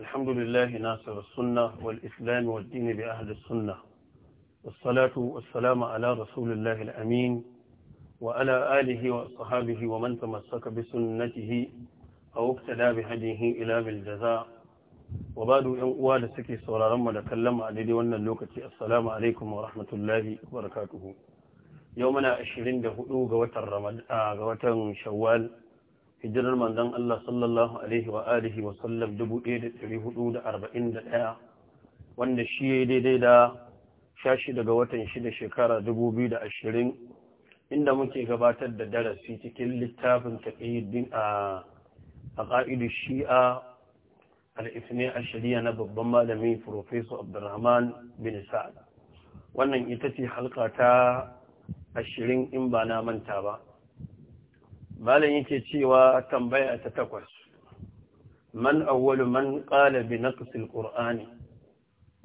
الحمد لله ناصر السنة والإسلام والدين بأهل السنة والصلاة والسلام على رسول الله الأمين وعلى آله وصحابه ومن تمسك بسنته أو اقتدى بهديه إلى بالجزاء وبعد أن سكي صورا رمى لكلم عددي وأن اللوكة السلام عليكم ورحمة الله وبركاته يومنا أشرين دهؤو غوة شوال hijirar manzon Allah sallallahu alaihi wa alihi wa sallam 1441 wanda shi ya daidai da shashi daga watan shida shekara 2020 inda muke gabatar da darasi cikin littafin taqiyuddin a ƙa'idu shi'a al-ithni ashariya na babban malami professor Abdurrahman bin Sa'ad wannan ita ce halka ta ashirin in ba na manta ba malam yake cewa tambaya ta takwas man awwalu man qala bi naqsil qur'ani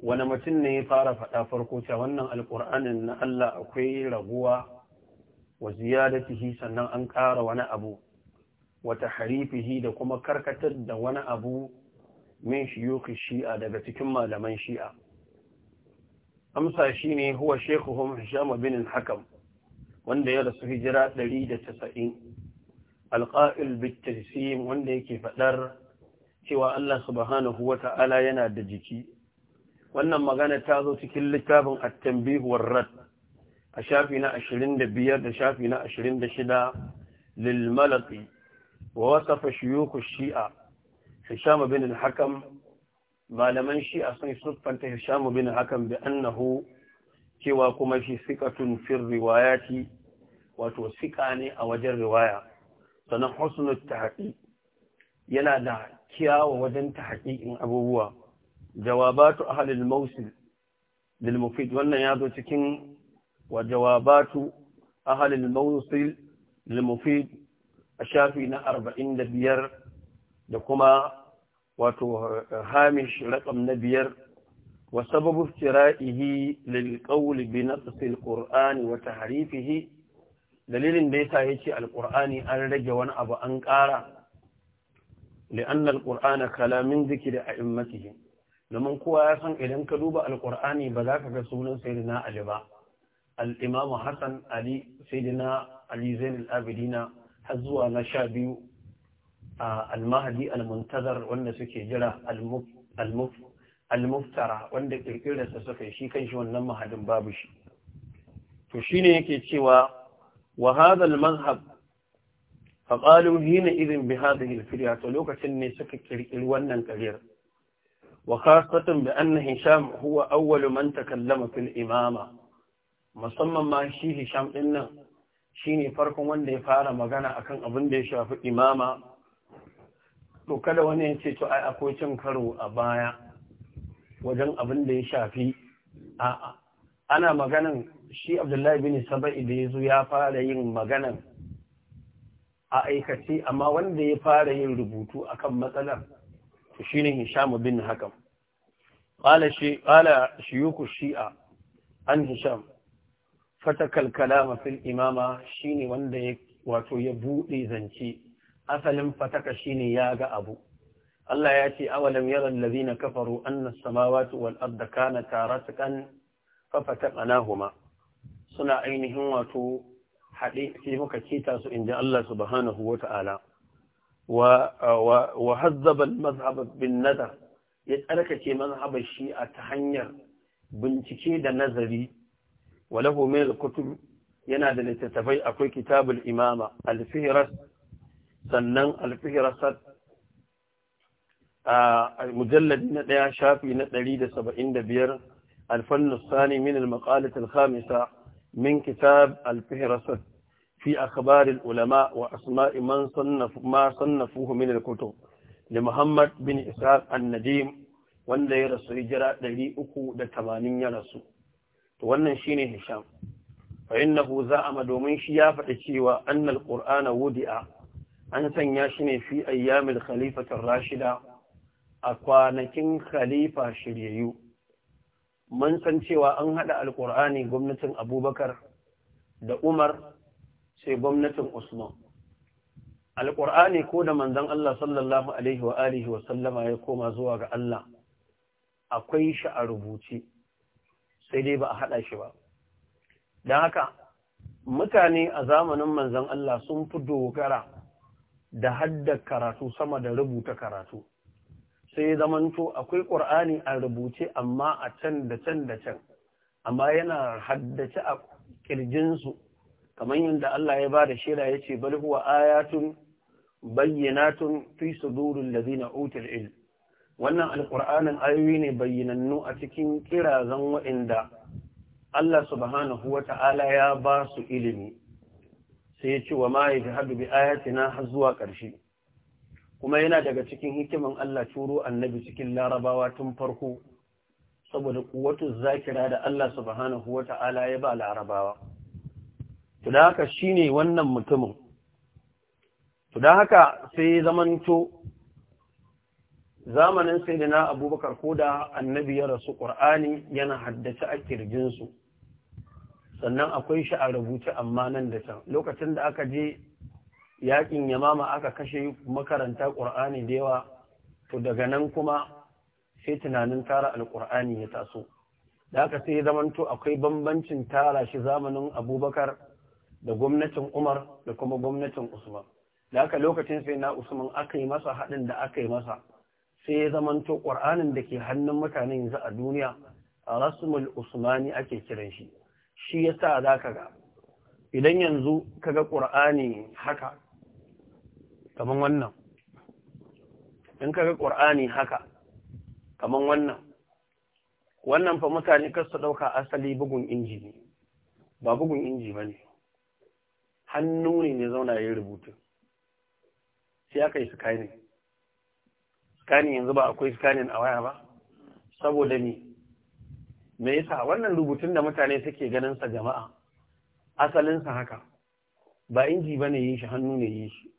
wani mutum ne ya fara faɗa farko cewa wannan alqur'anin na Allah akwai raguwa wa ziyadatihi sannan an ƙara wani abu wa tahrifihi da kuma karkatar da wani abu min shiyukh shi'a daga cikin malaman shi'a amsa shine huwa shaykhuhum hisham bin al-hakam wanda ya rasu hijira 190 alƙa'il bittasiyin wanda yake faɗar cewa Allah subhanahu wa ta'ala yana da jiki wannan magana ta zo cikin littafin at rat a shafi na 25 da shafi na 26 lil wa wasafa shuyukh shia Hisham bin al-Hakam malaman shi'a sun siffanta Hisham bin al-Hakam bi annahu cewa kuma shi siqatun fi riwayati wato sika ne a wajen riwaya sannan husnul tahqiq yana da kyawu wajen tahqiqin abubuwa jawabatu ahlil mawsil lil mufid wannan ya zo cikin wa jawabatu ahlil mawsil lil mufid ashafi na 45 da biyar da kuma wato hamish raqam na biyar wa sababu iftira'ihi lil qawl bi nafs al qur'ani wa tahrifihi dalilin da yasa yace alqur'ani an rage wani abu an ƙara li'anna alqur'ana kalamin a a'immatihi domin kowa ya san idan ka duba alqur'ani ba za ka ga sunan sayyidina ali ba al-imam hassan ali sayyidina ali zain al-abidina har zuwa na sha biyu al-mahdi al-muntazar wanda suke jira al-muftara wanda kirkirarsa suka yi shi kan shi wannan mahadin babu shi to shine yake cewa وهذا المذهب فقالوا هنا إذن بهذه الفريات ولوكة سكك الونا كبير وخاصة بأن هشام هو أول من تكلم في الإمامة مصمم ما شي هشام إن شيني فرق من دي فارا مغانا أكن أبن دي شاف الإمامة to kada wani ya ce to ai akwai cin karo a baya wajen abin da ya ana maganan shi abdullahi bin saba'i da ya zo ya fara yin maganan a aikace amma wanda ya fara yin rubutu akan matsalar to shine hisham bin hakan. qala shi qala shi'a an hisham fatakal kalama fil imama shine wanda ya wato ya buɗe zance asalin fataka shine ya ga abu Allah ya ce awalam yara allazina kafaru anna as-samawati wal arda kanata ratqan ففتقناهما سنا اينهم واتو حديث في مكيتا سو ان جاء الله سبحانه وتعالى و وهذب المذهب بالنذر يتركه كي مذهب الشيعة تهنير بنتكي ده نذري وله من الكتب ينادى لتتفي اكوي كتاب الامامة الفهرس سنن الفهرس المجلد آه، نتيا شافي نتليد سبعين دبير الفن الثاني من المقالة الخامسة من كتاب الفهرسة في أخبار العلماء وأسماء من صنف ما صنفوه من الكتب لمحمد بن إسحاق النديم wanda ya rasu hijira 380 ya rasu to wannan shine Hisham fa innahu za'ama domin shi ya faɗi cewa annal qur'ana wudi'a an sanya shi ne fi ayyamil khalifati rashida a kwanakin khalifa shiryayyu mun san cewa an haɗa alƙur'ani gwamnatin abubakar da umar sai gwamnatin usman alƙur'ani ko da manzon Allah sallallahu alaihi wa alihi wa sallama ya koma zuwa ga Allah akwai shi a rubuce sai dai ba a haɗa shi ba don haka mutane a zamanin manzon Allah sun fi dogara da hadda karatu sama da rubuta karatu sai zamanto akwai ƙur'ani a rubuce amma a can da can da can amma yana haddace a ƙirjinsu kamar yadda Allah ya ba da shaida ya ce bal huwa ayatun bayyinatun fi sudurul ladina utul ilm wannan Alƙur'anin ayoyi ne bayyinannu a cikin kirazan wa'inda Allah subhanahu Ta'ala ya ba su ilimi sai ya ce wa ma yajhadu bi ayatina har zuwa ƙarshe kuma yana daga cikin hikiman Allah turo annabi cikin larabawa tun farko saboda kuwatu zakira da Allah subhanahu wa ta'ala ya ba larabawa. Tuda haka shi ne wannan mutumin, tuda haka sai zamanto zamanin sai da na abubakar ko da annabi ya rasu ƙur'ani yana haddace a kirjinsu, sannan akwai shi a rubuce amma nan da can, lokacin da aka je yakin yamama aka kashe makaranta ƙur'ani da yawa to daga nan kuma sai tunanin tara alƙur'ani ya taso da aka sai zamanto akwai bambancin tara shi zamanin abubakar da gwamnatin umar da kuma gwamnatin usman da aka lokacin sai na usman aka yi masa haɗin da aka yi masa sai ya zamanto ƙur'anin da ke hannun mutane yanzu a duniya a rasmul usmani ake kiran shi shi yasa za ka ga idan yanzu kaga ƙur'ani haka kaman wannan in kaga qur'ani haka kaman wannan wannan fa mutane kar su dauka asali bugun inji ne ba bugun inji bane hannu ne ne zauna yayin rubutu sai aka yi scanning scanning yanzu ba akwai scanning a waya ba saboda ni me yasa wannan rubutun da mutane suke ganin sa jama'a asalinsa haka ba inji ba ne yin shi hannu ne yin shi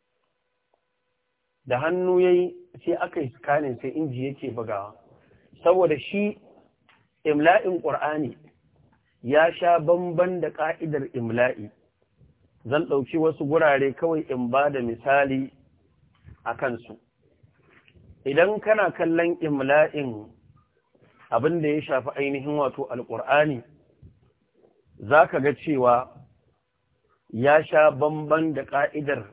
da hannu yi sai aka yi scanning sai inji yake bugawa saboda shi imla'in ƙur'ani ya sha bamban da ƙa'idar imla'i zan ɗauki wasu gurare kawai in ba da misali a kansu idan kana kallon imla'in abin da ya shafi ainihin wato alƙur'ani za ka ga cewa ya sha bamban da ƙa'idar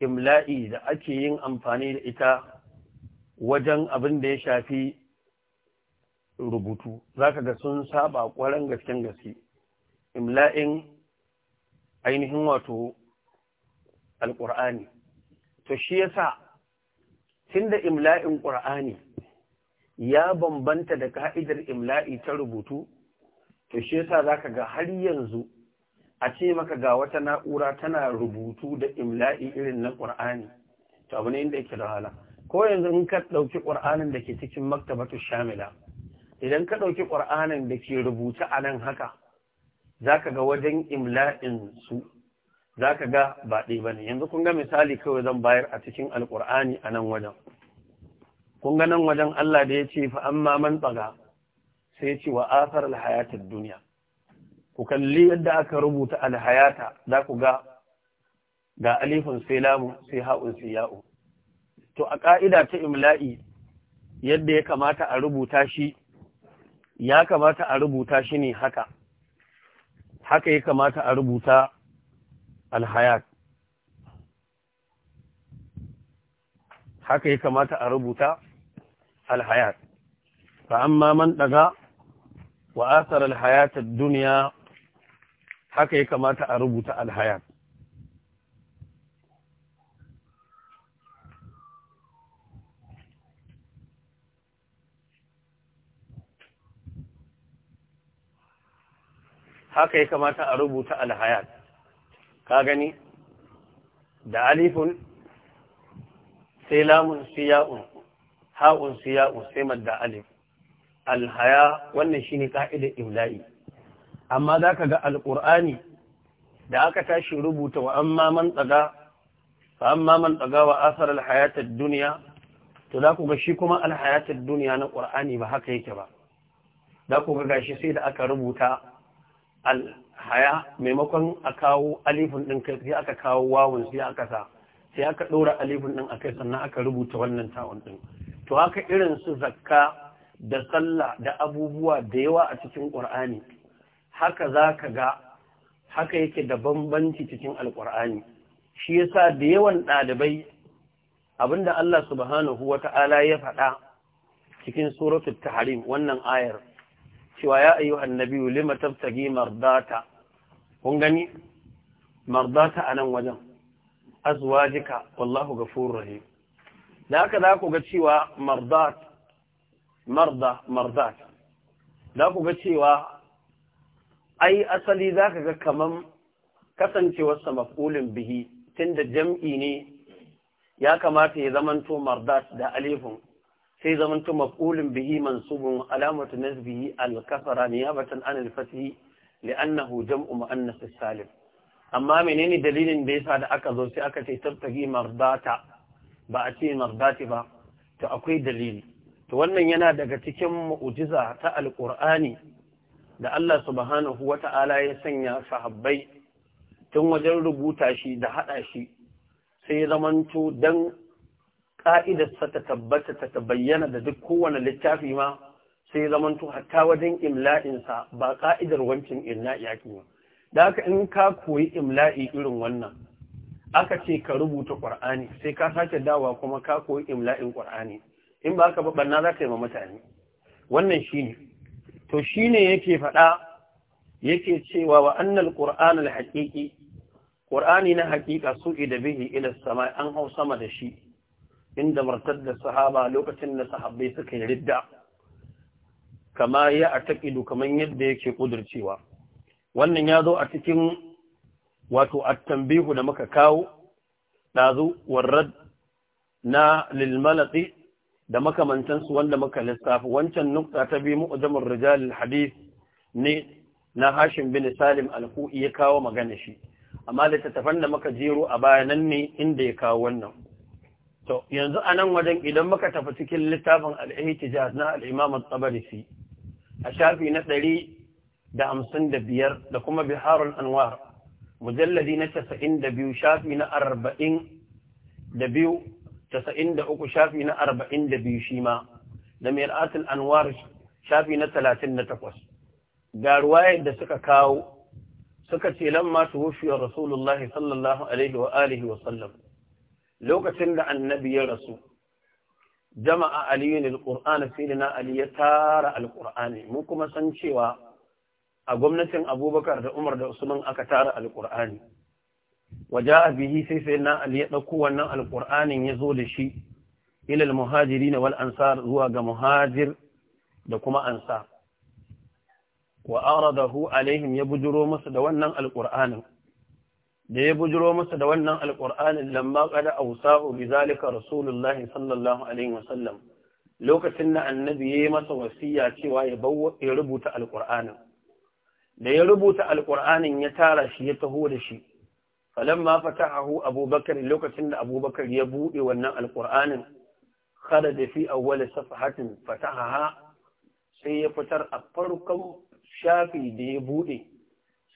imla'i da ake yin amfani da ita wajen abin da ya shafi rubutu za ka ga sun saba ƙwarar gasken gaske imla'in ainihin wato alƙur'ani to shi ya sa tun da imla'in ƙur'ani ya bambanta da ka'idar imla'i ta rubutu to shi ya sa za ka ga har yanzu a ce maka ga wata na'ura tana rubutu da imla'i irin na ƙur'ani to abu ne inda yake da hala ko yanzu in ka ɗauki ƙur'anin da ke cikin maktabatu shamila idan ka ɗauki ƙur'anin da ke rubuta a nan haka za ka ga wajen imla'in su za ka ga ba ɗai ba ne yanzu kun ga misali kawai zan bayar a cikin alƙur'ani a nan wajen kun ga nan wajen Allah da ya ce fa amma man tsaga sai ce wa asar hayatar duniya ku kalli yadda aka rubuta alhayata za ku ga ga alifin sai lamu sai ha'un sai ya'u to a ƙa'ida ta imla'i yadda ya kamata a rubuta shi ya kamata a rubuta shi ne haka haka ya kamata a rubuta alhayat haka ya kamata a rubuta alhayat fa amma man daga wa asar alhayat ad-dunya haka ya kamata a rubuta alhayat haka ya kamata a rubuta alhayat ka gani da alifun sai lamun siya'un ha'un siya'un sai madda alif alhaya wannan shi shine ka'idar imla'i amma za ka ga alƙur'ani da aka tashi rubuta wa an maman tsaga tsaga wa asar alhayatar duniya to za ku ga shi kuma alhayatar duniya na ƙur'ani ba haka yake ba za ku ga gashi sai da aka rubuta alhaya maimakon a kawo alifin ɗin kai sai aka kawo wawun sai aka sa sai aka ɗora alifin ɗin a kai sannan aka rubuta wannan tawon ɗin to haka irin su zakka da sallah da abubuwa da yawa a cikin ƙur'ani haka za ka ga haka yake da bambanci cikin alƙur'ani shi yasa da yawan ɗalibai abinda Allah subhanahu ta'ala ya faɗa cikin suratul tahrim wannan ayar cewa ya ayyuhan nabiyyu lima tabtagi mardata kun gani mardata anan wajen azwajika wallahu ghafurur rahim da haka za ku ga cewa mardat marda mardat za ku ga cewa ai asali za ka ga kaman kasancewarsa maf'ulin bihi tunda jam'i ne ya kamata ya zamanto mardas da alifun sai zamanto maf'ulin bihi mansubun alamatu nasbihi al-kasra niyabatan an al li'annahu jam'u muannas salim amma menene dalilin da yasa da aka zo sai aka ce tabtagi mardata ba a ce mardati ba to akwai dalili to wannan yana daga cikin mu'jiza ta alqur'ani da Allah subhanahu wa ta'ala ya sanya sahabbai tun wajen rubuta shi da haɗa shi sai ya zamanto don ƙa'idarsa ta tabbata ta bayyana da duk kowane littafi ma sai ya zamanto hatta wajen imla'insa ba ƙa'idar wancan imla'i yaƙi ba. Da haka in ka koyi imla'i irin wannan, aka ce ka rubuta ƙwar'ani sai ka sake dawa kuma ka koyi imla'in ƙwar'ani, in ba ka ba, banna za ka yi ma mutane. Wannan shi ne. to shine yake faɗa yake cewa wa annal qur'an al haqiqi qur'ani na haqiqa su da bihi ila samai an hau sama da shi inda da sahaba lokacin da sahabbai suka yi ridda kama ya ataqidu kaman yadda yake kudurcewa wannan ya zo a cikin wato at-tanbihu da muka kawo dazu warrad na lil da makamantansu wanda muka lissafi wancan nukta ta bi mu'jamur rijalil hadith ne na Hashim bin Salim al ya kawo magana shi amma littattafan da muka jero a bayanan ne inda ya kawo wannan to yanzu anan wajen idan muka tafi cikin littafin al-ihtijaz na al-Imam at-Tabarisi a shafi na ɗari da hamsin da biyar da kuma Biharul Anwar mujalladi na casa'in da biyu shafi na arba'in da biyu tasa'in da uku shafi na arba'in da biyu shi ma da mir'atul anwar shafi na talatin da takwas ga ruwayar da suka kawo suka ce lamma tuwufiyar rasulullahi sallallahu alaihi wa alihi wa lokacin da annabi ya rasu jama'a Aliyu aliyun alqur'ana na ali ya tara alqur'ani Mun kuma san cewa a gwamnatin abubakar da umar da usman aka tara alqur'ani waja bihi sai sai na ali ya ɗauko wannan alƙur'anin ya zo da shi ilal muhajiri na wal ansar zuwa ga muhajir da kuma ansar wa aradahu alaihim ya bujuro masa da wannan alƙur'anin da ya bujuro masa da wannan alƙur'anin lamma a awsa'u bi zalika rasulullahi sallallahu alaihi wasallam lokacin da annabi yayi masa wasiya cewa ya ya rubuta alƙur'anin da ya rubuta alƙur'anin ya tara shi ya taho da shi falamma fatahahu abubakar lokacin da abubakar ya buɗe wannan alqur'anin kharaja fi awwal safahatin fataha sai ya fitar a farkon shafi da ya buɗe,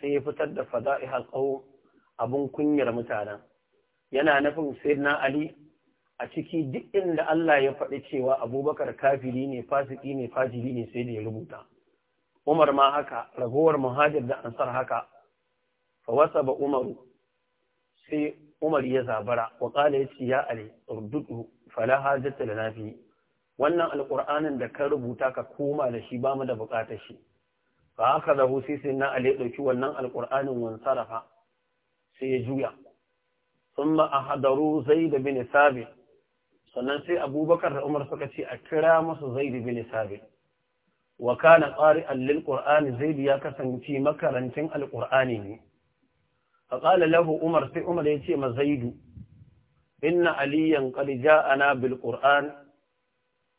sai ya fitar da fada'iha qaw abun kunyar mutanen yana nufin sayyidina ali a ciki duk inda Allah ya faɗi cewa abubakar kafiri ne fasiki ne fajiri ne sai da ya rubuta umar ma haka ragowar muhajir da ansar haka fa wasa ba umaru sai Umar ya zabara wa ya ce ya ale, rududu fala hajata da nafi wannan alkur'anin da ka rubuta ka koma da shi ba mu da bukatar shi fa haka da sai na ale ɗauki wannan wan sarafa sai ya juya hadaru zai da bin ثابت sannan sai abubakar da umar suka ce a kira masu da bin sabit wa kana qari allil ƙur'ani zai ya kasance makarantun Alƙur'ani ne فقال له عمر سي عمر يتي ما زيد ان عليا قد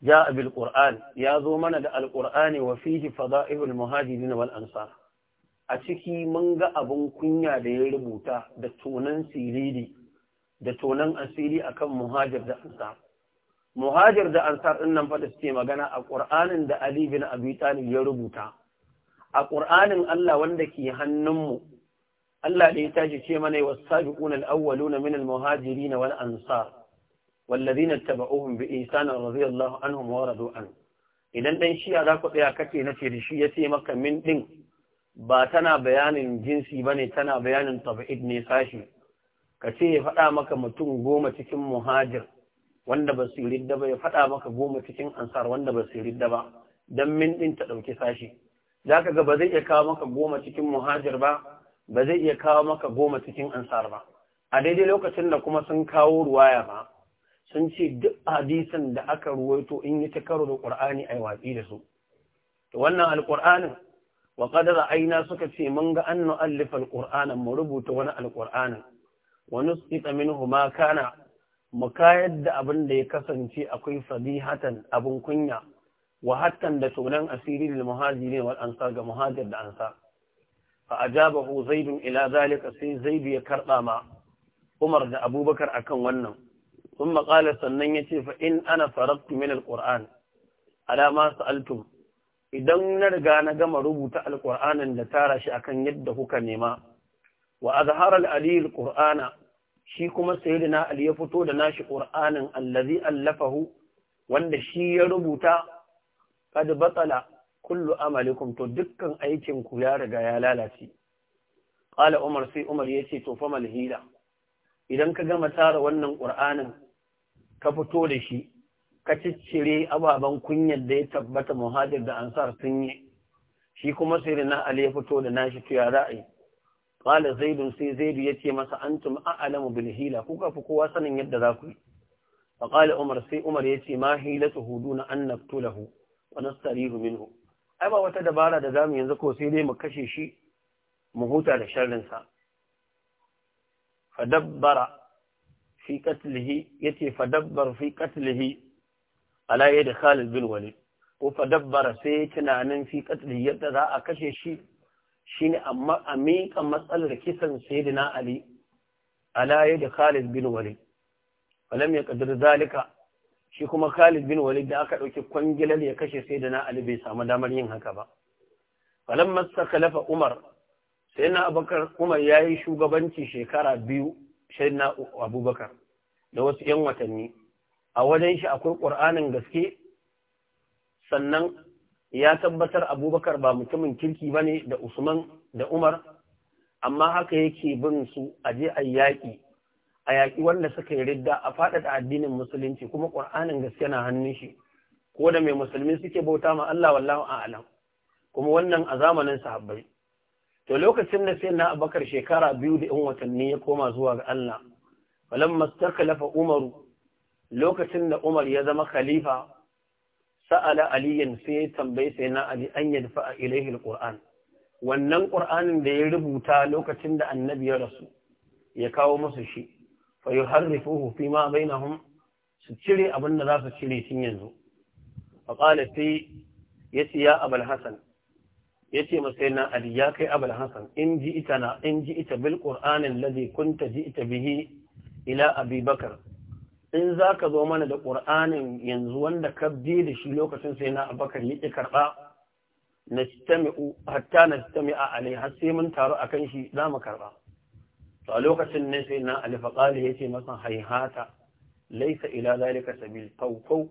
ya zo mana da يا ذو من القران وفيه فضائل المهاجرين والانصار a ciki mun ga abin kunya da ya rubuta da tonan asiri akan muhajir da ansar muhajir da ansar din nan fa da suke magana a qur'anin da ali bin abi talib ya rubuta a ƙur'anin Allah wanda ke hannunmu Allah da ya tashi ce mana wa sabiquna al-awwaluna min al-muhajirin wal ansar والذين اتبعوهم بإحسان رضي الله عنهم ورضوا عنه idan ɗan shiya za ku tsaya kake na da shi ya ce maka min din ba tana bayanin jinsi bane tana bayanin tabi'id ne sashi ka ce ya faɗa maka mutum goma cikin muhajir wanda ba su ridda ba ya faɗa maka goma cikin ansar wanda ba su ridda ba dan min ta ɗauki sashi za ka ga ba zai iya kawo maka goma cikin muhajir ba ba zai iya kawo maka goma cikin ansar ba a daidai lokacin da kuma sun kawo ruwaya ba sun ce duk hadisin da aka ruwaito in yi ta karo da ƙur'ani a watsi da su wannan alƙur'anin wa ƙadar aina suka ce mun ga an nu'allifa Alƙur'anin mu rubuta wani alƙur'anin Wani su ita minhu huma kana mu kayar da abin da ya kasance akwai fadihatan abin kunya wa hattan da sunan asiri lil muhajirin wal ansar ga muhajir da ansar fa ajabahu zaidun ila zalika sai zaidu ya karba ma umar da abubakar akan wannan sun maƙala sannan ya ce fa in ana faraktu min alƙur'an alama sa'altum idan na riga na gama rubuta alƙur'anin da tara shi akan yadda kuka nema wa azhara al-ali al shi kuma sayyidina ali ya fito da nashi Ƙur'anin allazi allafahu wanda shi ya rubuta kad batala kullu amalikum to dukkan aikin ku ya riga ya lalace qala umar sai umar yace to fa mal hila idan ka gama tara wannan qur'anin ka fito da shi ka ciccire ababen kunyar da ya tabbata muhajir da ansar sun yi shi kuma sai na ali ya fito da nashi to ya ra'ayi qala zaidun sai zaidu yace masa antum a'lamu bil hila kuka fi kowa sanin yadda za ku yi فقال عمر سي ma يتي hudu na دون أن نقتله ونستريه منه ai ba wata dabara da zamu yanzu ko sai dai mu kashe shi mu huta da sharrin sa fadabbara fi qatlihi yace fadabbar fi qatlihi ala yadi Khalid bin Walid ko fadabbara sai tunanin fi qatlihi yadda za a kashe shi shine amma a miƙa matsalar kisan sayyidina Ali ala yadi Khalid bin Walid falam yaqdir zalika shi kuma Khalid bin Walid da aka ɗauki kwangilar ya kashe sai da na Ali bai samu damar yin haka ba. Falan masa kalafa Umar, sai na Abubakar Umar ya yi shugabanci shekara biyu sai na Abubakar da wasu ‘yan watanni. A wajen shi akwai ƙur'anin gaske, sannan ya tabbatar Abubakar ba mutumin kirki ba ne da Usman da Umar, amma haka yake bin su a je a yaƙi a yaƙi wanda suka yi ridda a faɗaɗa addinin musulunci kuma ƙur'anin gaske na hannun shi ko da mai musulmi suke bauta ma Allah wallahu a'lam kuma wannan a zamanin sahabbai to lokacin da sai na abakar shekara biyu da yan watanni ya koma zuwa ga Allah falan mastakalafa umaru lokacin da umar ya zama khalifa sa'ala aliyan sai ya tambaye sai na ali an yadfa a ilaihi alquran wannan qur'anin da ya rubuta lokacin da annabi ya rasu ya kawo musu shi fa yuharrifuhu fi ma bainahum su cire abin da za su cire tun yanzu fa qala sai yace ya abul hasan yace na ali ya kai abul hasan in ji ita bilƙur'anin in ji ita bil ji ita bihi ila Abibakar. bakar in zaka zo mana da ƙur'anin yanzu wanda ka bi da shi lokacin sai na abakar yake karba nastami'u hatta nastami'a alai har sai mun taru akan shi za mu karɓa. to a lokacin ne sai na ya ce masa haihata laisa ila zalika sabil kaukau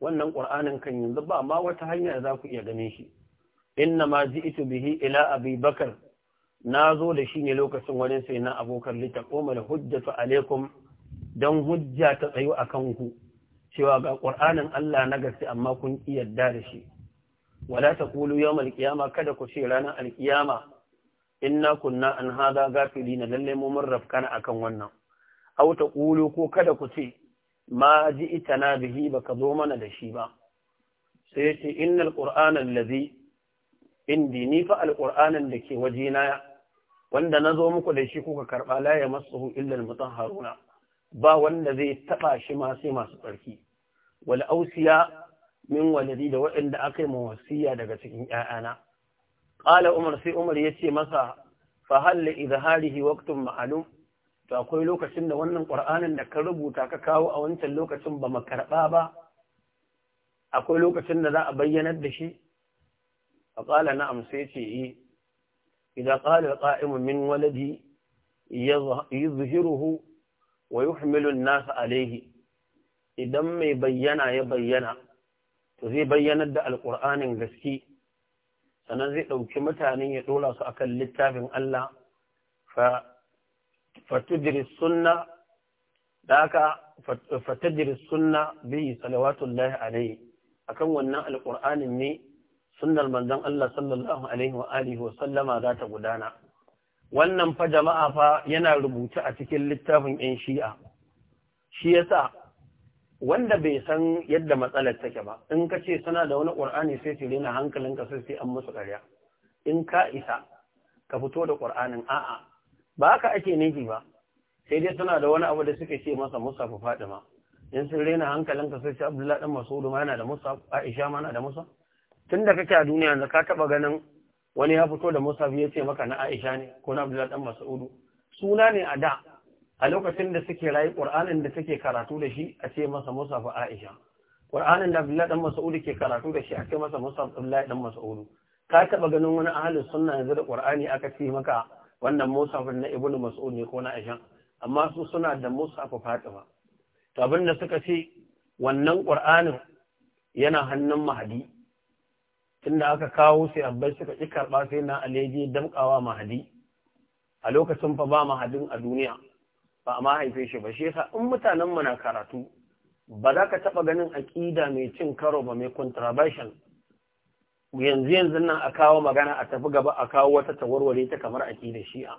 wannan ƙur'anin kan yanzu ba ma wata hanya za ku iya ganin shi inna ma ita bihi ila abi bakar zo da shi ne lokacin wani sai na abokan litaqoma la hujjatu alaikum dan hujja ta tsayo kan ku cewa ga ƙur'anin Allah na gaske amma kun ki yadda da shi wala taqulu yawmal alƙiyama kada ku ce ranar alƙiyama. inna kunna an hada gafilina lalle mu mun rafkana akan wannan aw ta qulu ko kada ku ce ma na, bihi baka zo mana da shi ba sai yace innal qur'ana allazi indi ni fa ke waje na. wanda nazo muku da shi kuka karba la ya masuhu illa almutahharuna ba wanda zai taba shi ma sai masu tsarki wal ausiya min waladi da waɗanda aka yi mawasiya daga cikin ‘ya'yana, ƙala umar sai umar ya ce masa fahalla izaharihi waktun ma'alum to akwai lokacin da wannan ƙur'anin da ka rubuta ka kawo a wancan lokacin ba makarɓa ba akwai lokacin da za a bayyanar da shi a ƙala na'am sai ce yi eh. idan ƙala ƙa'imu min waladi yuzhiruhu wa yuhmilu an-nas alayhi idan mai bayyana ya bayyana to zai bayyanar da alƙur'anin gaske sannan zai ɗauki mutane ya ɗora su akan littafin Allah fatudiri sunna da bihi akan wannan alƙur'anin ne sunnar manzon Allah sallallahu alaihi wa alihi wa sallama za ta gudana wannan fa jama'a fa yana rubuta a cikin littafin 'yan shi'a shi yasa wanda bai san yadda matsalar take ba in ka ce suna da wani ƙur'ani sai su rena hankalinka sai fi an musu ƙarya in ka isa ka fito da ƙur'anin a'a ba haka ake niki ba sai dai suna da wani abu da suke ce masa musafu fadima in sun rena hankalinka sai fi abdullahi dan masudu ma yana da Musa? aisha ma yana da Musa? tun da kake a duniya yanzu ka taɓa ganin wani ya fito da musaf ya ce maka na aisha ne ko na abdullahi dan masudu suna ne a da a lokacin da suke rayu ƙur'anin da suke karatu da shi a ce masa fa aisha ƙur'anin da abdullahi dan mas'ud ke karatu da shi a ce masa Musa abdullahi dan mas'ud ka taba ganin wani ahlus sunna yanzu da ƙur'ani aka ce maka wannan musaf na ibnu mas'ud ne ko na aisha amma su suna da musa fa fatima to abin da suka ce wannan ƙur'anin yana hannun mahadi tunda aka kawo sai abbai suka ki karba sai na aleji damkawa mahadi a lokacin fa ba mahadin a duniya ba a ma shi ba shi yasa in mutanen mu na karatu ba za ka taɓa ganin aƙida mai cin karo ba mai contravention yanzu yanzu nan a kawo magana a tafi gaba a kawo wata tawarware ta kamar aƙida shi'a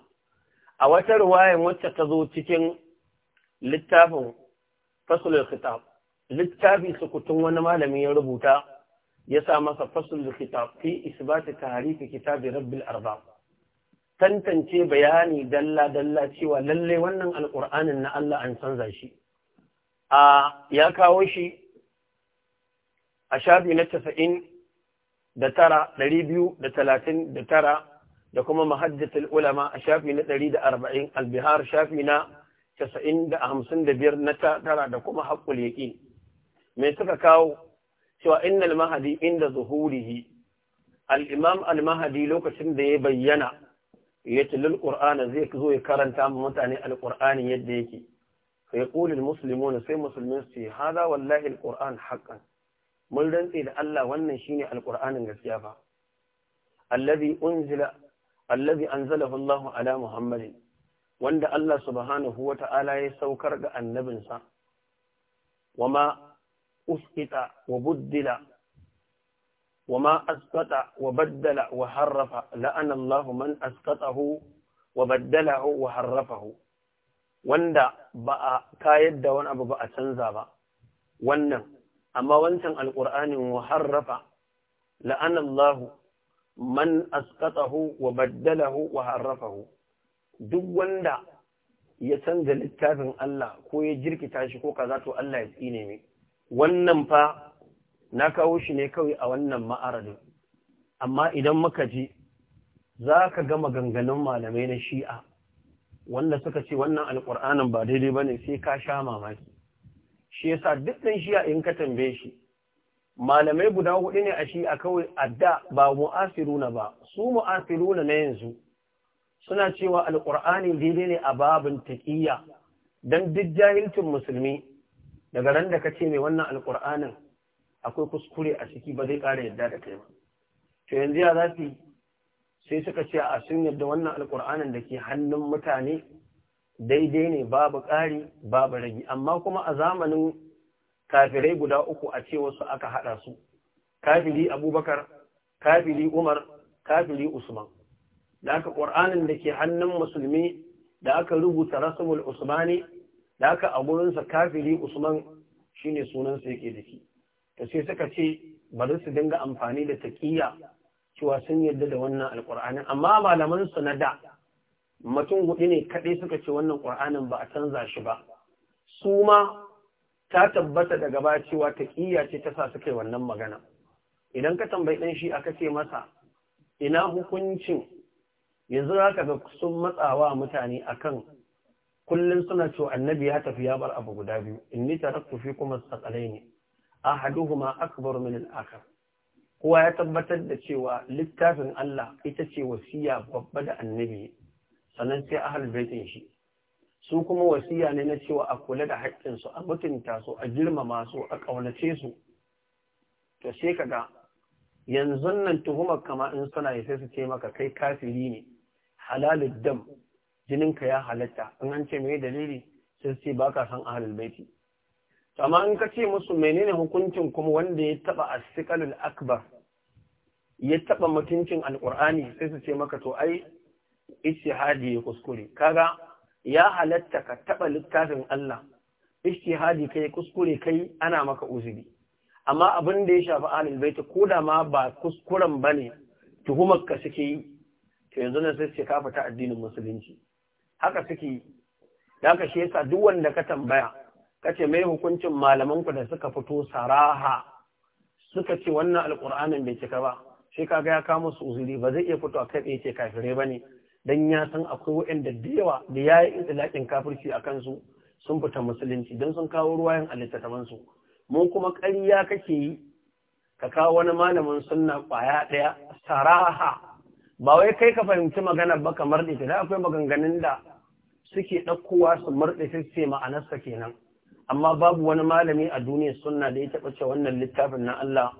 a wata ruwayan wacce ta zo cikin littafin fasulul kitab littafi sukutun wani malami ya rubuta ya sa masa fasulul kitab fi isbati tahrifi kitabi rabbil arbab tantance bayani dalla-dalla cewa lalle wannan alƙur'anin na Allah an canza shi. A ya kawo shi a shafi na casa'in da tara, ɗari biyu da talatin da tara da kuma mahajjatul ulama a shafi na ɗari da arba'in albihar shafi na casa'in da hamsin da biyar na tara da kuma haƙƙul yaƙi. Me suka kawo cewa innal mahadi inda zuhurihi al-imam al-mahadi lokacin da ya bayyana ya tilil zai zo ya karanta ma mutane alƙur'ani yadda yake Sai yaqulu almuslimun sai musulmi su hada wallahi alqur'an haƙƙan. mun rantse da Allah wannan shine alqur'anin gaskiya fa allazi unzila allazi anzalahu ala muhammadin wanda Allah subhanahu wata'ala ya saukar ga annabinsa wama usqita wa buddila وما أسقط وبدل وحرف لأن الله من أسقطه وبدله وحرفه wanda ba a kayar da wani abu ba a canza ba wannan amma wancan alƙur'anin wa harrafa la'anallahu man asqatahu wa baddalahu wa harrafahu duk wanda ya canza littafin Allah ko ya jirkita shi ko kaza to Allah ya tsine mai wannan fa na kawo shi ne kawai a wannan ma'aradin amma idan muka ji za ka gama ganganun malamai na shi'a wanda suka ce wannan alƙur'anin ba daidai ba ne sai ka sha mamaki shi duk ɗan shi'a in ka tambaye shi malamai guda hudu ne a shi'a kawai a da ba mu'asiruna ba su mu'asiruna na yanzu suna cewa alƙur'ani daidai ne a babin taƙiyya don duk jahilcin musulmi daga ran da ka ce mai wannan alƙur'anin akwai kuskure a ciki ba zai ƙara yadda da kai ba to yanzu ya zafi sai suka ce a sun yadda wannan alkur'anin da ke hannun mutane daidai ne babu ƙari babu ragi amma kuma a zamanin kafirai guda uku a ce wasu aka haɗa su kafiri abubakar kafiri umar kafiri usman da aka ƙur'anin da ke hannun musulmi da aka rubuta rasamul usmani da aka a gurinsa kafiri usman shine sunansa yake da shi to sai suka ce bari su dinga amfani da taƙiyya cewa sun yarda da wannan alƙur'anin amma malaman su na da mutum hudu ne kaɗai suka ce wannan ƙur'anin ba a canza shi ba su ma ta tabbata da gaba cewa taƙiyya ce ta sa su wannan magana idan ka tambayi ɗan shi aka ce masa ina hukuncin yanzu za ka ga sun matsawa mutane akan kullum suna cewa annabi ya tafi ya bar abu guda biyu inni tarakku fi kuma tsakalai ne ahaduhuma akbar min al-akhar kowa ya tabbatar da cewa littafin Allah ita ce wasiya babba da annabi sannan sai ahal baitin shi su kuma wasiya ne na cewa a kula da su, a mutunta su a girmama su a ƙaunace su to sai kaga yanzu nan tuhumar kama in suna ya su ce maka kai kafiri ne halalin dam ka ya halatta in an ce mai dalili sai su ce baka san ahlul baiti amma in ka ce musu menene hukuncin kuma wanda ya taba asikalul akbar ya taba mutuncin alqur'ani sai su ce maka to ai ijtihadi ya kuskure kaga ya halatta ka taba littafin Allah ijtihadi kai kuskure kai ana maka uzuri amma abin da ya shafi ahlul bait ko da ma ba kuskuren bane tuhumar ka suke yi to yanzu ne sai ka fita addinin musulunci haka suke yi da ka shi yasa duk wanda ka tambaya kace mai hukuncin malaman ku da suka fito saraha suka ce wannan alqur'anin bai cika ba sai kaga ya kama su uzuri ba zai iya fito a kai ce kafirai bane dan ya san akwai waɗanda da yawa da yayi itlaqin kafirci akan su sun fita musulunci dan sun kawo ruwayan alittataman su mun kuma ƙarya kake yi ka kawo wani malamin sunna ƙwaya ɗaya saraha ba wai kai ka fahimci magana ba kamar da akwai maganganun da suke ɗaukowa su murɗe su ce ma'anarsa kenan amma babu wani malami a duniyar sunna da ya taɓa ce wannan littafin na Allah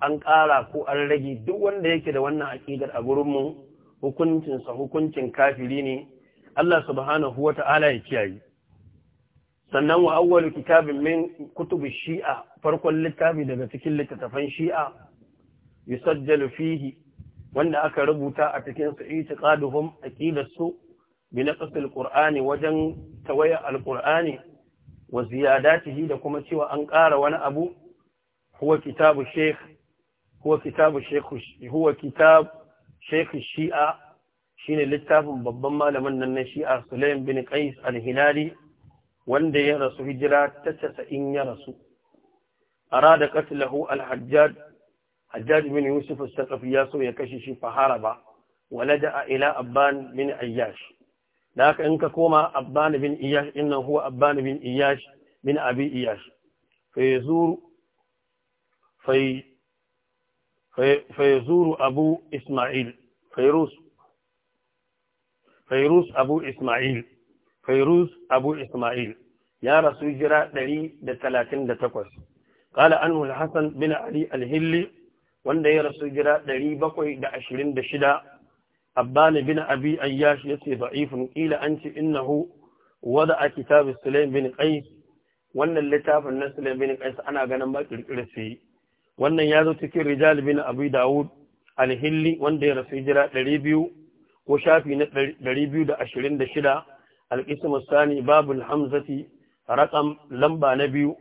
an ƙara ko an rage duk wanda yake da wannan aƙidar a gurinmu hukuncinsa hukuncin kafiri ne Allah subhanahu wa ta'ala ya kiyaye sannan wa awwalu kitabin min kutubi shi'a farkon littafi daga cikin littattafan shi'a yusajjalu fihi wanda aka rubuta a cikin su itiqaduhum aqidatsu bi naqsil qur'ani wajen tawaya alqur'ani wa ziyadatihi da kuma cewa an ƙara wani abu huwa kitabu sheikh huwa kitabu sheikh huwa kitab sheikh shi'a shine littafin babban malamin nan na shi'a Sulaim bin Qais al-Hilali wanda ya rasu hijira ta 90 ya rasu arada da al-Hajjaj Hajjaj bin Yusuf al-Saqafi ya so ya kashe shi fa haraba ولجأ إلى أبان من أياش da haka in ka koma abbani bin iyash innan huwa abbani bin iyash bin abi iyash fayazuru fay fayazuru abu isma'il fayrus fayrus abu isma'il fayrus abu isma'il ya rasu jira 138 qala anhu al-hasan bin ali al-hilli wanda ya rasu jira 726 abbani bin abi ayyash yace da'ifun qila hu innahu a kitab sulaim bin qais wannan littafin na sulaim bin qais ana ganin ba kirkire sai wannan ya zo cikin rijal bin abi daud al wanda ya rasu jira 200 ko shafi na 226 al-qism sani babul hamzati raqam lamba na biyu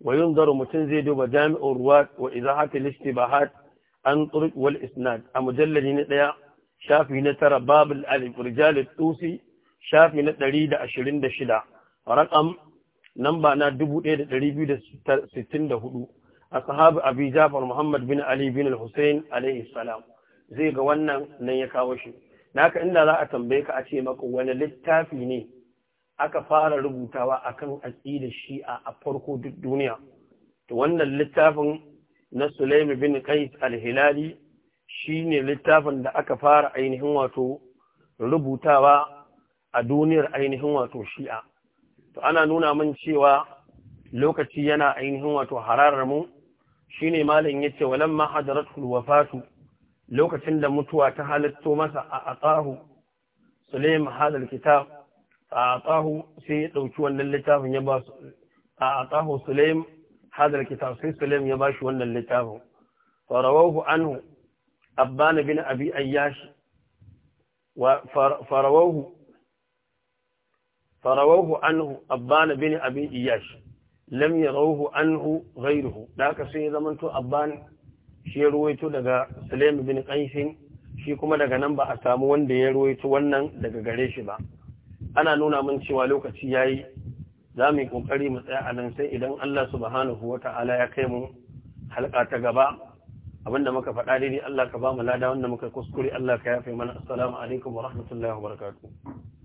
mutum zai duba وينظر ba وجامع an وإذاعة الاشتباهات عن a mujallari na ɗaya. shafi na tara Babu al-rijal tusi shafi na 126 raqam namba na 1264 ashabu abi jafar muhammad bin ali bin husayn alayhi zai ga wannan nan ya kawo shi naka inda za a tambayi ka a ce maka wani littafi ne aka fara rubutawa a akan aqidar shi'a a farko duk duniya to wannan littafin na sulaimi bin qais al-hilali Shi ne littafin da aka fara ainihin wato rubutawa a duniyar ainihin wato shi'a to ana nuna min cewa lokaci yana ainihin wato hararar mu shine malam yace walamma hadaratul wafatu lokacin da mutuwa ta halitto masa a atahu sulaim hadal kitab a Atsahu sai ya ɗauki wannan littafin ya ba a atahu sulaim hadar kitab sai sulaim ya bashi wannan littafin farawahu anhu أبان بن أبي أياش وفروه فروه عنه أبان بن أبي إياش لم يروه عنه غيره لكن سيدة من أبان شي رويتو لغا سليم بن قيس شي كما لغا نمبا أساموان دي رويتو ونن لغا غريش با أنا نونا من شوالوك تياي زامي كم قريم سيدة الله سبحانه وتعالى يكيمو حلقة تغبا abinda muka faɗa daidai Allah ka ba mu lada wanda muka kuskure Allah ka yafe mana assalamu alaikum wa rahmatullahi wa barakatuh